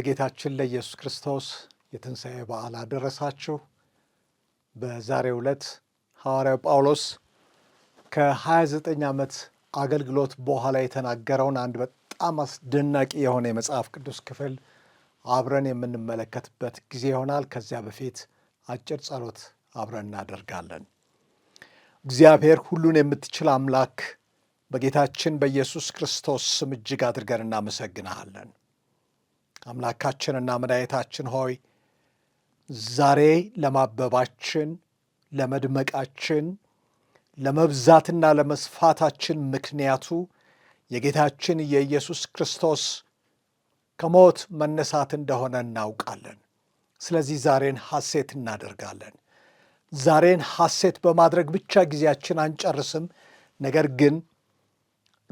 ለጌታችን ለኢየሱስ ክርስቶስ የትንሣኤ በዓል አደረሳችሁ። በዛሬ ዕለት ሐዋርያው ጳውሎስ ከ29 ዓመት አገልግሎት በኋላ የተናገረውን አንድ በጣም አስደናቂ የሆነ የመጽሐፍ ቅዱስ ክፍል አብረን የምንመለከትበት ጊዜ ይሆናል። ከዚያ በፊት አጭር ጸሎት አብረን እናደርጋለን። እግዚአብሔር ሁሉን የምትችል አምላክ በጌታችን በኢየሱስ ክርስቶስ ስም እጅግ አድርገን እናመሰግንሃለን። አምላካችንና መድኃኒታችን ሆይ ዛሬ ለማበባችን፣ ለመድመቃችን፣ ለመብዛትና ለመስፋታችን ምክንያቱ የጌታችን የኢየሱስ ክርስቶስ ከሞት መነሳት እንደሆነ እናውቃለን። ስለዚህ ዛሬን ሐሴት እናደርጋለን። ዛሬን ሐሴት በማድረግ ብቻ ጊዜያችን አንጨርስም። ነገር ግን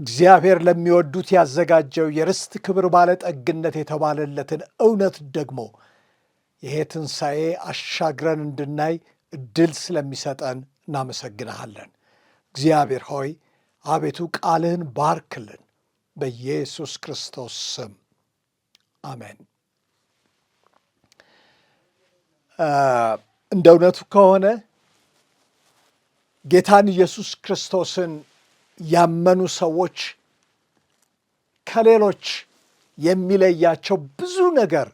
እግዚአብሔር ለሚወዱት ያዘጋጀው የርስት ክብር ባለጠግነት የተባለለትን እውነት ደግሞ ይሄ ትንሣኤ አሻግረን እንድናይ እድል ስለሚሰጠን እናመሰግንሃለን። እግዚአብሔር ሆይ አቤቱ ቃልህን ባርክልን፣ በኢየሱስ ክርስቶስ ስም አሜን። እንደ እውነቱ ከሆነ ጌታን ኢየሱስ ክርስቶስን ያመኑ ሰዎች ከሌሎች የሚለያቸው ብዙ ነገር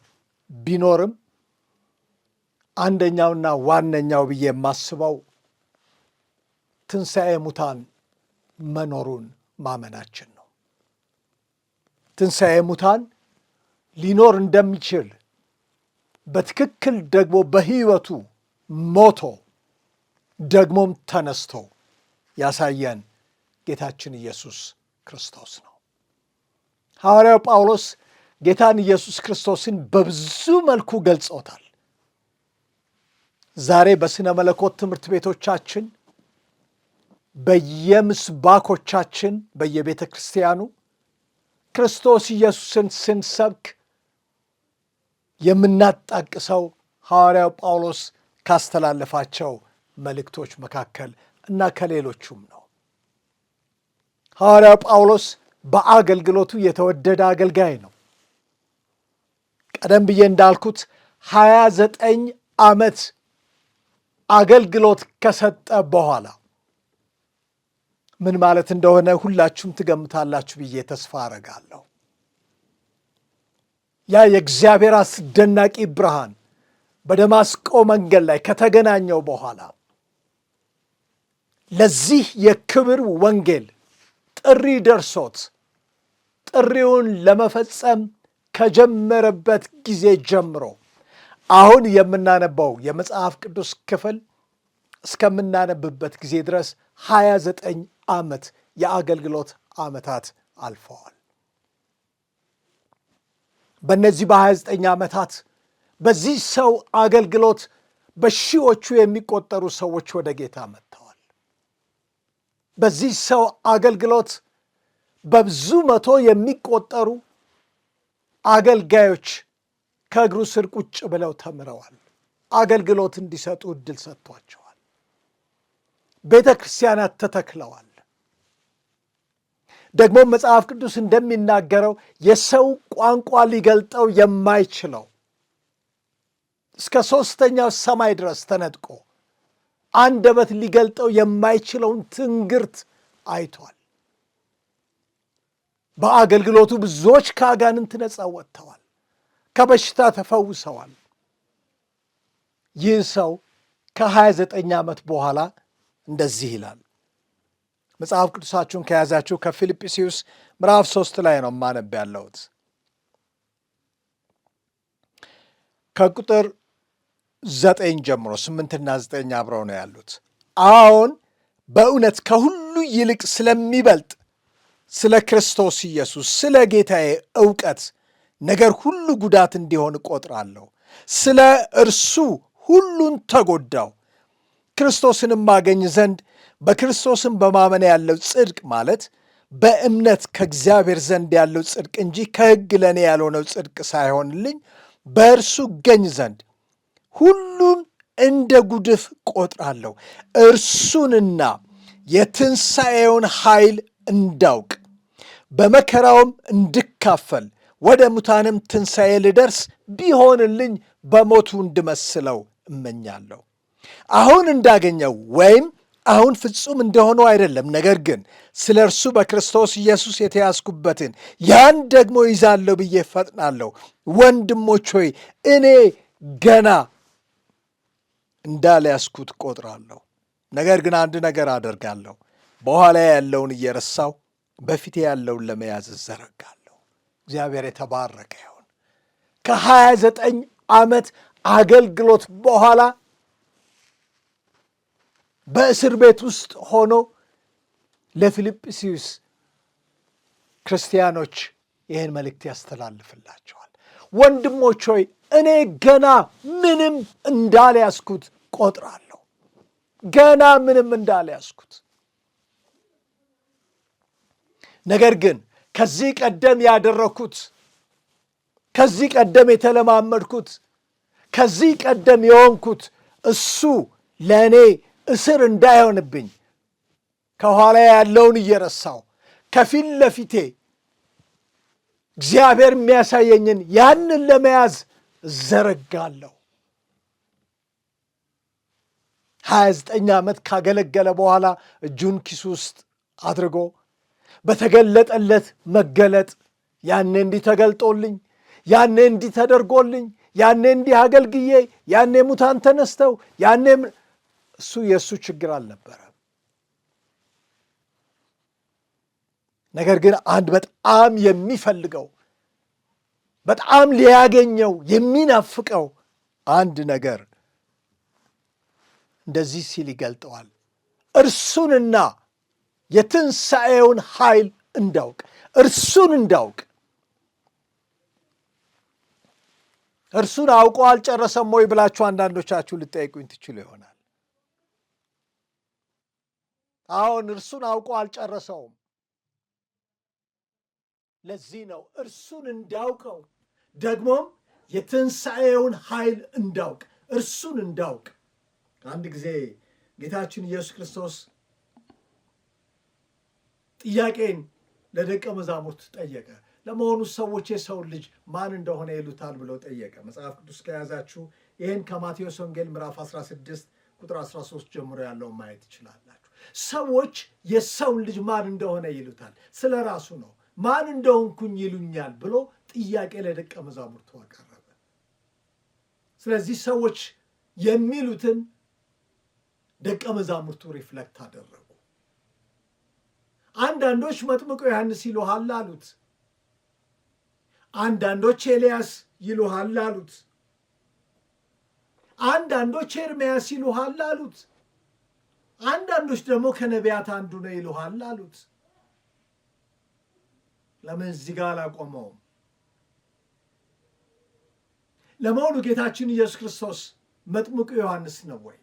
ቢኖርም አንደኛውና ዋነኛው ብዬ የማስበው ትንሣኤ ሙታን መኖሩን ማመናችን ነው። ትንሣኤ ሙታን ሊኖር እንደሚችል በትክክል ደግሞ በሕይወቱ ሞቶ ደግሞም ተነስቶ ያሳየን ጌታችን ኢየሱስ ክርስቶስ ነው። ሐዋርያው ጳውሎስ ጌታን ኢየሱስ ክርስቶስን በብዙ መልኩ ገልጾታል። ዛሬ በሥነ መለኮት ትምህርት ቤቶቻችን በየምስባኮቻችን በየቤተ ክርስቲያኑ ክርስቶስ ኢየሱስን ስንሰብክ የምናጣቅሰው ሐዋርያው ጳውሎስ ካስተላለፋቸው መልእክቶች መካከል እና ከሌሎቹም ነው። ሐዋርያው ጳውሎስ በአገልግሎቱ የተወደደ አገልጋይ ነው። ቀደም ብዬ እንዳልኩት ሀያ ዘጠኝ ዓመት አገልግሎት ከሰጠ በኋላ ምን ማለት እንደሆነ ሁላችሁም ትገምታላችሁ ብዬ ተስፋ አረጋለሁ። ያ የእግዚአብሔር አስደናቂ ብርሃን በደማስቆ መንገድ ላይ ከተገናኘው በኋላ ለዚህ የክብር ወንጌል ጥሪ ደርሶት ጥሪውን ለመፈጸም ከጀመረበት ጊዜ ጀምሮ አሁን የምናነባው የመጽሐፍ ቅዱስ ክፍል እስከምናነብበት ጊዜ ድረስ 29 ዓመት የአገልግሎት ዓመታት አልፈዋል። በእነዚህ በ29 ዓመታት በዚህ ሰው አገልግሎት በሺዎቹ የሚቆጠሩ ሰዎች ወደ ጌታ መጡ። በዚህ ሰው አገልግሎት በብዙ መቶ የሚቆጠሩ አገልጋዮች ከእግሩ ስር ቁጭ ብለው ተምረዋል። አገልግሎት እንዲሰጡ እድል ሰጥቷቸዋል። ቤተ ክርስቲያናት ተተክለዋል። ደግሞ መጽሐፍ ቅዱስ እንደሚናገረው የሰው ቋንቋ ሊገልጠው የማይችለው እስከ ሦስተኛው ሰማይ ድረስ ተነጥቆ አንደበት ሊገልጠው የማይችለውን ትንግርት አይቷል። በአገልግሎቱ ብዙዎች ከአጋንንት ነፃ ወጥተዋል፣ ከበሽታ ተፈውሰዋል። ይህ ሰው ከ29 ዓመት በኋላ እንደዚህ ይላል። መጽሐፍ ቅዱሳችሁን ከያዛችሁ ከፊልጵስዩስ ምዕራፍ ሶስት ላይ ነው ማነብ ያለሁት ከቁጥር ዘጠኝ ጀምሮ ስምንትና ዘጠኝ አብረው ነው ያሉት። አሁን በእውነት ከሁሉ ይልቅ ስለሚበልጥ ስለ ክርስቶስ ኢየሱስ ስለ ጌታዬ እውቀት ነገር ሁሉ ጉዳት እንዲሆን እቆጥራለሁ። ስለ እርሱ ሁሉን ተጎዳው፣ ክርስቶስንም ማገኝ ዘንድ በክርስቶስን በማመን ያለው ጽድቅ ማለት በእምነት ከእግዚአብሔር ዘንድ ያለው ጽድቅ እንጂ ከሕግ ለእኔ ያልሆነው ጽድቅ ሳይሆንልኝ በእርሱ ገኝ ዘንድ ሁሉን እንደ ጉድፍ ቆጥራለሁ እርሱንና የትንሣኤውን ኃይል እንዳውቅ በመከራውም እንድካፈል ወደ ሙታንም ትንሣኤ ልደርስ ቢሆንልኝ በሞቱ እንድመስለው እመኛለሁ። አሁን እንዳገኘው ወይም አሁን ፍጹም እንደሆነው አይደለም፣ ነገር ግን ስለ እርሱ በክርስቶስ ኢየሱስ የተያዝኩበትን ያን ደግሞ ይዛለሁ ብዬ ፈጥናለሁ። ወንድሞች ሆይ እኔ ገና እንዳልያዝኩት ቆጥራለሁ። ነገር ግን አንድ ነገር አደርጋለሁ፣ በኋላ ያለውን እየረሳው በፊቴ ያለውን ለመያዝ እዘረጋለሁ። እግዚአብሔር የተባረከ ይሁን። ከሀያ ዘጠኝ ዓመት አገልግሎት በኋላ በእስር ቤት ውስጥ ሆኖ ለፊልጵስዩስ ክርስቲያኖች ይህን መልእክት ያስተላልፍላቸዋል። ወንድሞች ሆይ እኔ ገና ምንም እንዳልያዝኩት ቆጥራለሁ። ገና ምንም እንዳለ ያስኩት ነገር ግን ከዚህ ቀደም ያደረግኩት፣ ከዚህ ቀደም የተለማመድኩት፣ ከዚህ ቀደም የሆንኩት እሱ ለእኔ እስር እንዳይሆንብኝ ከኋላ ያለውን እየረሳው ከፊት ለፊቴ እግዚአብሔር የሚያሳየኝን ያንን ለመያዝ ዘረጋለሁ። 29 ዓመት ካገለገለ በኋላ እጁን ኪሱ ውስጥ አድርጎ በተገለጠለት መገለጥ ያኔ እንዲህ ተገልጦልኝ፣ ያኔ እንዲህ ተደርጎልኝ፣ ያኔ እንዲህ አገልግዬ፣ ያኔ ሙታን ተነስተው፣ ያኔ እሱ የእሱ ችግር አልነበረ። ነገር ግን አንድ በጣም የሚፈልገው በጣም ሊያገኘው የሚናፍቀው አንድ ነገር እንደዚህ ሲል ይገልጠዋል። እርሱንና የትንሣኤውን ኃይል እንዳውቅ እርሱን እንዳውቅ እርሱን አውቆ አልጨረሰም ወይ ብላችሁ አንዳንዶቻችሁ ልጠይቁኝ ትችሉ ይሆናል። አሁን እርሱን አውቆ አልጨረሰውም። ለዚህ ነው እርሱን እንዳውቀው ደግሞም የትንሣኤውን ኃይል እንዳውቅ እርሱን እንዳውቅ አንድ ጊዜ ጌታችን ኢየሱስ ክርስቶስ ጥያቄን ለደቀ መዛሙርት ጠየቀ። ለመሆኑ ሰዎች የሰውን ልጅ ማን እንደሆነ ይሉታል ብለው ጠየቀ። መጽሐፍ ቅዱስ ከያዛችሁ ይህን ከማቴዎስ ወንጌል ምዕራፍ 16 ቁጥር 13 ጀምሮ ያለውን ማየት ትችላላችሁ። ሰዎች የሰውን ልጅ ማን እንደሆነ ይሉታል፣ ስለ ራሱ ነው። ማን እንደሆንኩኝ ይሉኛል ብሎ ጥያቄ ለደቀ መዛሙርቱ አቀረበ። ስለዚህ ሰዎች የሚሉትን ደቀ መዛሙርቱ ሪፍለክት አደረጉ። አንዳንዶች መጥምቁ ዮሐንስ ይሉሃል አሉት። አንዳንዶች ኤልያስ ይሉሃል አሉት። አንዳንዶች ኤርምያስ ይሉሃል አሉት። አንዳንዶች ደግሞ ከነቢያት አንዱ ነው ይሉሃል አሉት። ለምን እዚህ ጋር አላቆመውም? ለመሆኑ ጌታችን ኢየሱስ ክርስቶስ መጥምቁ ዮሐንስ ነው ወይ?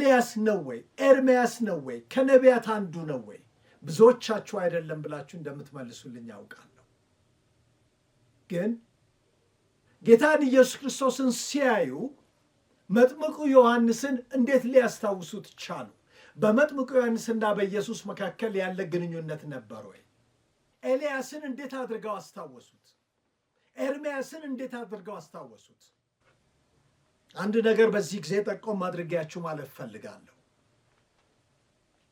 ኤልያስ ነው ወይ ኤርሚያስ ነው ወይ ከነቢያት አንዱ ነው ወይ? ብዙዎቻችሁ አይደለም ብላችሁ እንደምትመልሱልኝ ያውቃለሁ። ግን ጌታን ኢየሱስ ክርስቶስን ሲያዩ መጥምቁ ዮሐንስን እንዴት ሊያስታውሱት ቻሉ? በመጥምቁ ዮሐንስና በኢየሱስ መካከል ያለ ግንኙነት ነበር ወይ? ኤልያስን እንዴት አድርገው አስታወሱት? ኤርሚያስን እንዴት አድርገው አስታወሱት? አንድ ነገር በዚህ ጊዜ ጠቆም አድርጌያችሁ ማለት ፈልጋለሁ።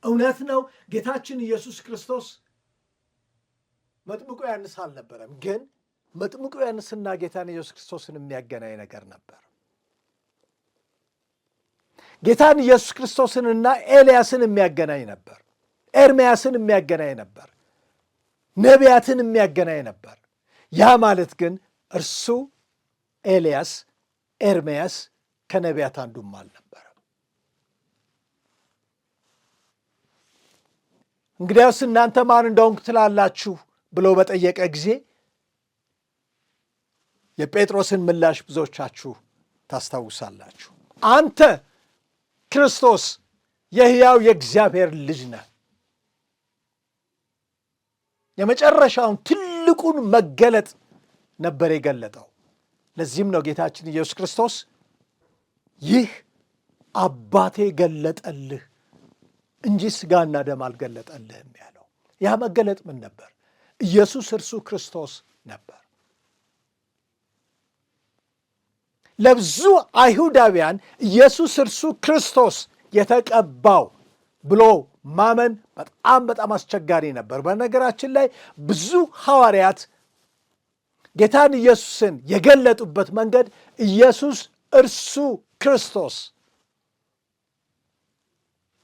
እውነት ነው ጌታችን ኢየሱስ ክርስቶስ መጥምቁ ዮሐንስ አልነበረም፣ ግን መጥምቁ ዮሐንስና ጌታን ኢየሱስ ክርስቶስን የሚያገናኝ ነገር ነበር። ጌታን ኢየሱስ ክርስቶስንና ኤልያስን የሚያገናኝ ነበር። ኤርምያስን የሚያገናኝ ነበር። ነቢያትን የሚያገናኝ ነበር። ያ ማለት ግን እርሱ ኤልያስ ኤርምያስ ከነቢያት አንዱም አልነበረ። እንግዲያውስ እናንተ ማን እንደሆንኩ ትላላችሁ ብሎ በጠየቀ ጊዜ የጴጥሮስን ምላሽ ብዙዎቻችሁ ታስታውሳላችሁ። አንተ ክርስቶስ የሕያው የእግዚአብሔር ልጅ ነህ። የመጨረሻውን ትልቁን መገለጥ ነበር የገለጠው። ለዚህም ነው ጌታችን ኢየሱስ ክርስቶስ ይህ አባቴ ገለጠልህ እንጂ ስጋና ደም አልገለጠልህም ያለው። ያ መገለጥ ምን ነበር? ኢየሱስ እርሱ ክርስቶስ ነበር። ለብዙ አይሁዳውያን ኢየሱስ እርሱ ክርስቶስ የተቀባው ብሎ ማመን በጣም በጣም አስቸጋሪ ነበር። በነገራችን ላይ ብዙ ሐዋርያት ጌታን ኢየሱስን የገለጡበት መንገድ ኢየሱስ እርሱ ክርስቶስ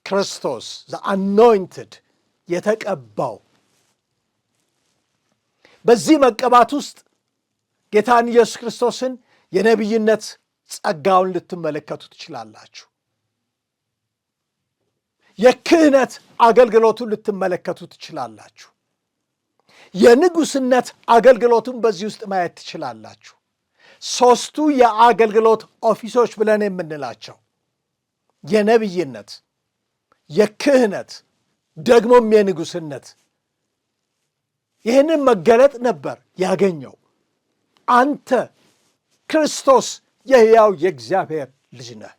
ክርስቶስ አኖይንትድ የተቀባው በዚህ መቀባት ውስጥ ጌታን ኢየሱስ ክርስቶስን የነቢይነት ጸጋውን ልትመለከቱ ትችላላችሁ። የክህነት አገልግሎቱን ልትመለከቱ ትችላላችሁ። የንጉስነት አገልግሎቱን በዚህ ውስጥ ማየት ትችላላችሁ። ሶስቱ የአገልግሎት ኦፊሶች ብለን የምንላቸው የነቢይነት፣ የክህነት ደግሞም የንጉስነት ይህንን መገለጥ ነበር ያገኘው። አንተ ክርስቶስ የሕያው የእግዚአብሔር ልጅ ነህ።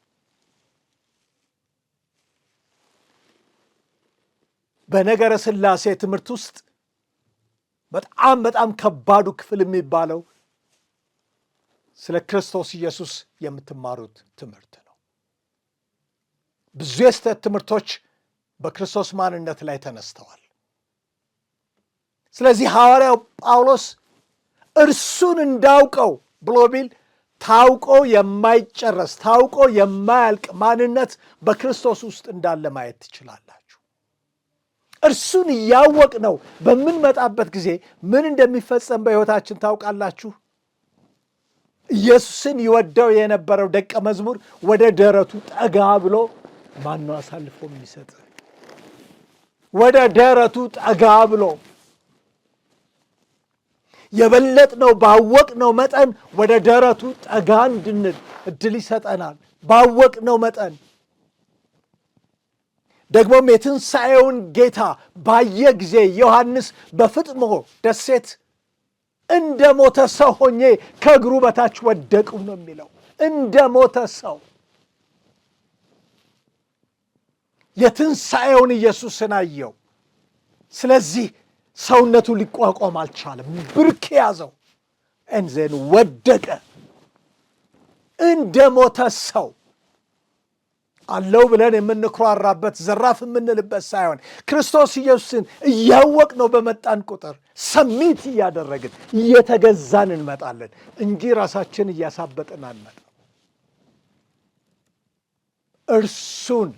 በነገረ ሥላሴ ትምህርት ውስጥ በጣም በጣም ከባዱ ክፍል የሚባለው ስለ ክርስቶስ ኢየሱስ የምትማሩት ትምህርት ነው። ብዙ የስተት ትምህርቶች በክርስቶስ ማንነት ላይ ተነስተዋል። ስለዚህ ሐዋርያው ጳውሎስ እርሱን እንዳውቀው ብሎ ቢል ታውቆ የማይጨረስ ታውቆ የማያልቅ ማንነት በክርስቶስ ውስጥ እንዳለ ማየት ትችላላችሁ። እርሱን እያወቅ ነው በምንመጣበት ጊዜ ምን እንደሚፈጸም በሕይወታችን ታውቃላችሁ። ኢየሱስን ይወደው የነበረው ደቀ መዝሙር ወደ ደረቱ ጠጋ ብሎ ማነው አሳልፎ የሚሰጥ? ወደ ደረቱ ጠጋ ብሎ የበለጥነው ነው መጠን ወደ ደረቱ ጠጋ እንድንል እድል ይሰጠናል። ባወቅ ነው መጠን ደግሞም የትንሣኤውን ጌታ ባየ ጊዜ ዮሐንስ በፍጥሞ ደሴት እንደ ሞተ ሰው ሆኜ ከእግሩ በታች ወደቁ ነው የሚለው። እንደ ሞተ ሰው የትንሣኤውን ኢየሱስን አየው። ስለዚህ ሰውነቱ ሊቋቋም አልቻለም፣ ብርክ ያዘው። እንዘን ወደቀ እንደ ሞተ ሰው አለው ብለን የምንኩራራበት ዘራፍ የምንልበት ሳይሆን ክርስቶስ ኢየሱስን እያወቅ ነው በመጣን ቁጥር ሰሚት እያደረግን እየተገዛን እንመጣለን እንጂ ራሳችን እያሳበጥን አንመጣ። እርሱን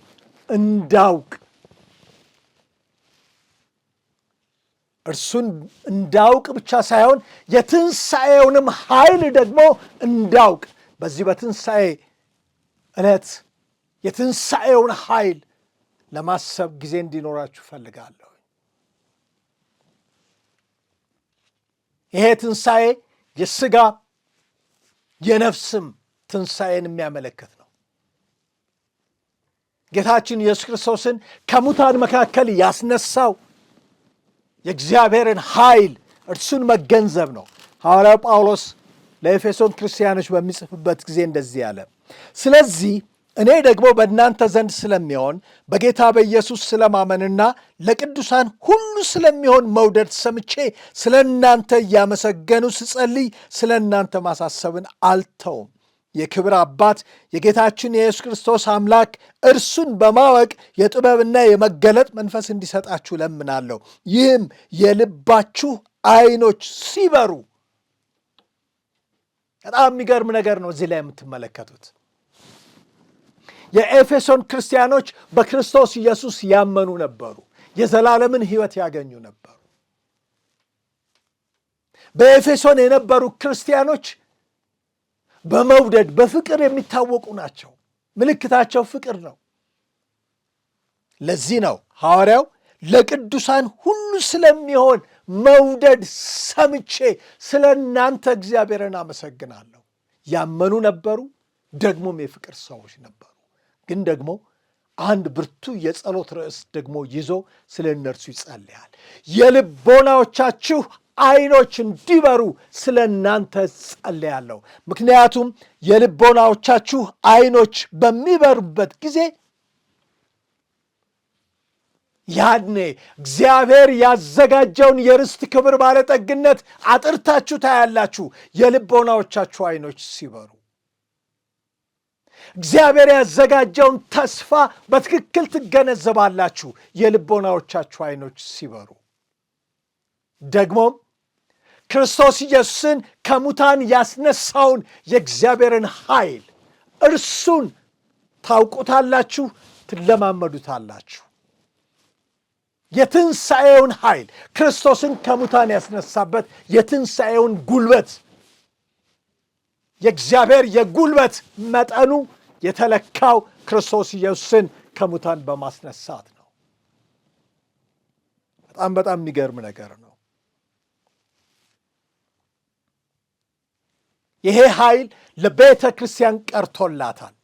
እንዳውቅ እርሱን እንዳውቅ ብቻ ሳይሆን የትንሣኤውንም ኃይል ደግሞ እንዳውቅ በዚህ በትንሣኤ ዕለት የትንሣኤውን ኃይል ለማሰብ ጊዜ እንዲኖራችሁ ፈልጋለሁ ይሄ ትንሣኤ የሥጋ የነፍስም ትንሣኤን የሚያመለክት ነው። ጌታችን ኢየሱስ ክርስቶስን ከሙታን መካከል ያስነሳው የእግዚአብሔርን ኃይል እርሱን መገንዘብ ነው። ሐዋርያው ጳውሎስ ለኤፌሶን ክርስቲያኖች በሚጽፍበት ጊዜ እንደዚህ አለ። ስለዚህ እኔ ደግሞ በእናንተ ዘንድ ስለሚሆን በጌታ በኢየሱስ ስለማመንና ለቅዱሳን ሁሉ ስለሚሆን መውደድ ሰምቼ ስለ እናንተ እያመሰገኑ ስጸልይ ስለ እናንተ ማሳሰብን አልተውም። የክብር አባት የጌታችን የኢየሱስ ክርስቶስ አምላክ እርሱን በማወቅ የጥበብና የመገለጥ መንፈስ እንዲሰጣችሁ ለምናለሁ። ይህም የልባችሁ አይኖች ሲበሩ። በጣም የሚገርም ነገር ነው እዚህ ላይ የምትመለከቱት የኤፌሶን ክርስቲያኖች በክርስቶስ ኢየሱስ ያመኑ ነበሩ። የዘላለምን ሕይወት ያገኙ ነበሩ። በኤፌሶን የነበሩ ክርስቲያኖች በመውደድ በፍቅር የሚታወቁ ናቸው። ምልክታቸው ፍቅር ነው። ለዚህ ነው ሐዋርያው ለቅዱሳን ሁሉ ስለሚሆን መውደድ ሰምቼ ስለ እናንተ እግዚአብሔርን አመሰግናለሁ። ያመኑ ነበሩ፣ ደግሞም የፍቅር ሰዎች ነበሩ። ግን ደግሞ አንድ ብርቱ የጸሎት ርዕስ ደግሞ ይዞ ስለ እነርሱ ይጸልያል። የልቦናዎቻችሁ ዓይኖች እንዲበሩ ስለ እናንተ ጸልያለሁ። ምክንያቱም የልቦናዎቻችሁ ዓይኖች በሚበሩበት ጊዜ ያኔ እግዚአብሔር ያዘጋጀውን የርስት ክብር ባለጠግነት አጥርታችሁ ታያላችሁ፣ የልቦናዎቻችሁ ዓይኖች ሲበሩ እግዚአብሔር ያዘጋጀውን ተስፋ በትክክል ትገነዘባላችሁ የልቦናዎቻችሁ አይኖች ሲበሩ። ደግሞም ክርስቶስ ኢየሱስን ከሙታን ያስነሳውን የእግዚአብሔርን ኃይል እርሱን ታውቁታላችሁ፣ ትለማመዱታላችሁ። የትንሣኤውን ኃይል ክርስቶስን ከሙታን ያስነሳበት የትንሣኤውን ጉልበት የእግዚአብሔር የጉልበት መጠኑ የተለካው ክርስቶስ ኢየሱስን ከሙታን በማስነሳት ነው። በጣም በጣም የሚገርም ነገር ነው። ይሄ ኃይል ለቤተ ክርስቲያን ቀርቶላታል።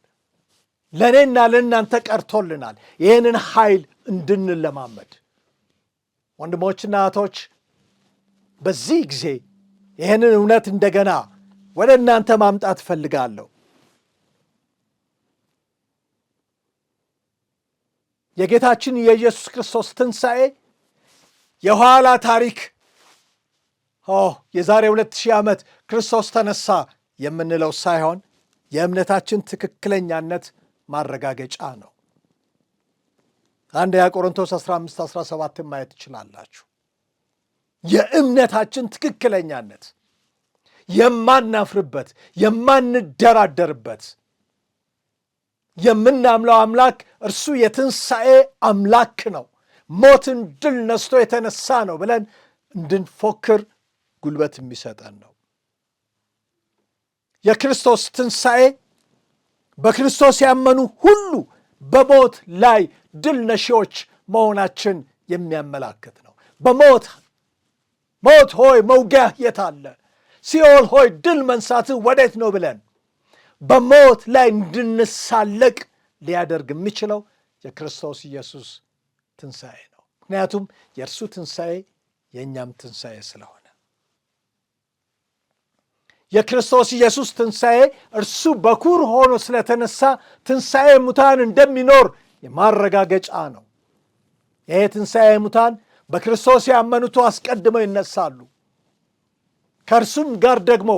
ለእኔና ለእናንተ ቀርቶልናል። ይህንን ኃይል እንድንለማመድ ወንድሞችና እህቶች፣ በዚህ ጊዜ ይህንን እውነት እንደገና ወደ እናንተ ማምጣት እፈልጋለሁ። የጌታችን የኢየሱስ ክርስቶስ ትንሣኤ የኋላ ታሪክ የዛሬ ሁለት ሺህ ዓመት ክርስቶስ ተነሳ የምንለው ሳይሆን የእምነታችን ትክክለኛነት ማረጋገጫ ነው። አንደኛ ቆሮንቶስ 15 17 ማየት ትችላላችሁ። የእምነታችን ትክክለኛነት የማናፍርበት የማንደራደርበት የምናምለው አምላክ እርሱ የትንሣኤ አምላክ ነው፣ ሞትን ድል ነስቶ የተነሳ ነው ብለን እንድንፎክር ጉልበት የሚሰጠን ነው። የክርስቶስ ትንሣኤ በክርስቶስ ያመኑ ሁሉ በሞት ላይ ድል ነሺዎች መሆናችን የሚያመላክት ነው። በሞት ሞት ሆይ መውጊያህ የት አለ? ሲኦል ሆይ ድል መንሳትህ ወዴት ነው ብለን በሞት ላይ እንድንሳለቅ ሊያደርግ የሚችለው የክርስቶስ ኢየሱስ ትንሣኤ ነው። ምክንያቱም የእርሱ ትንሣኤ የእኛም ትንሣኤ ስለሆነ የክርስቶስ ኢየሱስ ትንሣኤ እርሱ በኩር ሆኖ ስለተነሳ ትንሣኤ ሙታን እንደሚኖር የማረጋገጫ ነው። ይሄ ትንሣኤ ሙታን በክርስቶስ ያመኑቱ አስቀድመው ይነሳሉ። ከእርሱም ጋር ደግሞ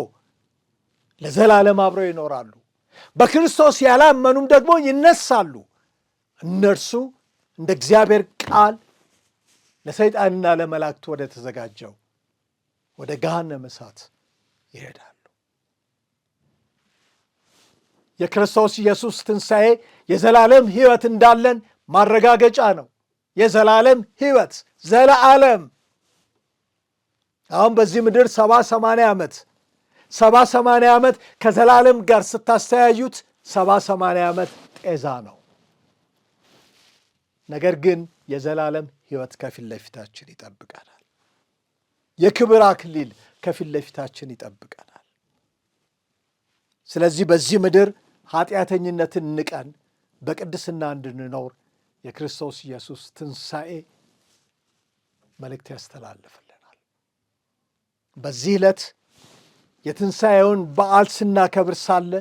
ለዘላለም አብረው ይኖራሉ። በክርስቶስ ያላመኑም ደግሞ ይነሳሉ። እነርሱ እንደ እግዚአብሔር ቃል ለሰይጣንና ለመላእክቱ ወደ ተዘጋጀው ወደ ገሃነመ እሳት ይሄዳሉ። የክርስቶስ ኢየሱስ ትንሣኤ የዘላለም ሕይወት እንዳለን ማረጋገጫ ነው። የዘላለም ሕይወት ዘላለም አሁን በዚህ ምድር ሰባ ሰማንያ ዓመት ሰባ ሰማንያ ዓመት ከዘላለም ጋር ስታስተያዩት ሰባ ሰማንያ ዓመት ጤዛ ነው። ነገር ግን የዘላለም ሕይወት ከፊት ለፊታችን ይጠብቀናል። የክብር አክሊል ከፊት ለፊታችን ይጠብቀናል። ስለዚህ በዚህ ምድር ኃጢአተኝነትን ንቀን በቅድስና እንድንኖር የክርስቶስ ኢየሱስ ትንሣኤ መልእክት ያስተላልፍልናል። በዚህ ዕለት የትንሣኤውን በዓል ስናከብር ሳለ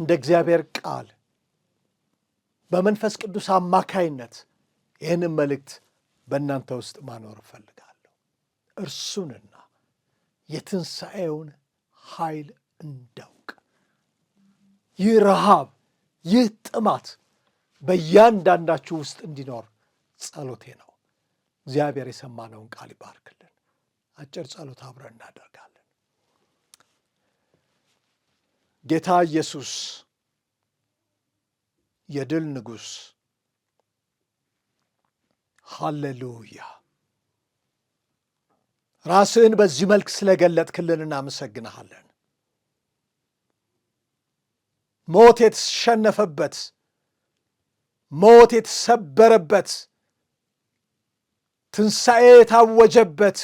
እንደ እግዚአብሔር ቃል በመንፈስ ቅዱስ አማካይነት ይህንን መልእክት በእናንተ ውስጥ ማኖር እፈልጋለሁ። እርሱንና የትንሣኤውን ኃይል እንዳውቅ ይህ ረሃብ፣ ይህ ጥማት በእያንዳንዳችሁ ውስጥ እንዲኖር ጸሎቴ ነው። እግዚአብሔር የሰማነውን ቃል ይባርክልን። አጭር ጸሎት አብረን እናደርጋለን። ጌታ ኢየሱስ የድል ንጉሥ፣ ሃሌሉያ። ራስህን በዚህ መልክ ስለገለጥክልን እናመሰግንሃለን። ሞት የተሸነፈበት፣ ሞት የተሰበረበት፣ ትንሣኤ የታወጀበት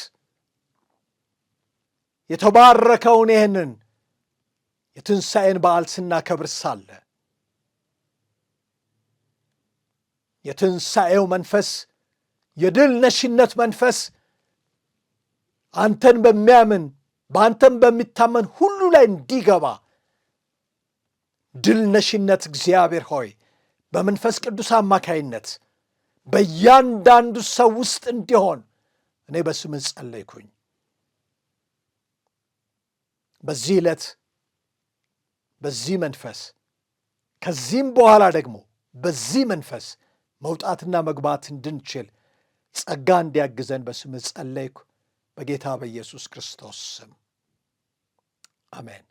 የተባረከውን ይህንን የትንሣኤን በዓል ስናከብር ሳለ የትንሣኤው መንፈስ የድል ነሽነት መንፈስ አንተን በሚያምን በአንተን በሚታመን ሁሉ ላይ እንዲገባ ድል ነሽነት እግዚአብሔር ሆይ በመንፈስ ቅዱስ አማካይነት በእያንዳንዱ ሰው ውስጥ እንዲሆን እኔ በስምን ጸለይኩኝ። በዚህ ዕለት በዚህ መንፈስ ከዚህም በኋላ ደግሞ በዚህ መንፈስ መውጣትና መግባት እንድንችል ጸጋ እንዲያግዘን በስም ጸለይኩ፣ በጌታ በኢየሱስ ክርስቶስ ስም አሜን።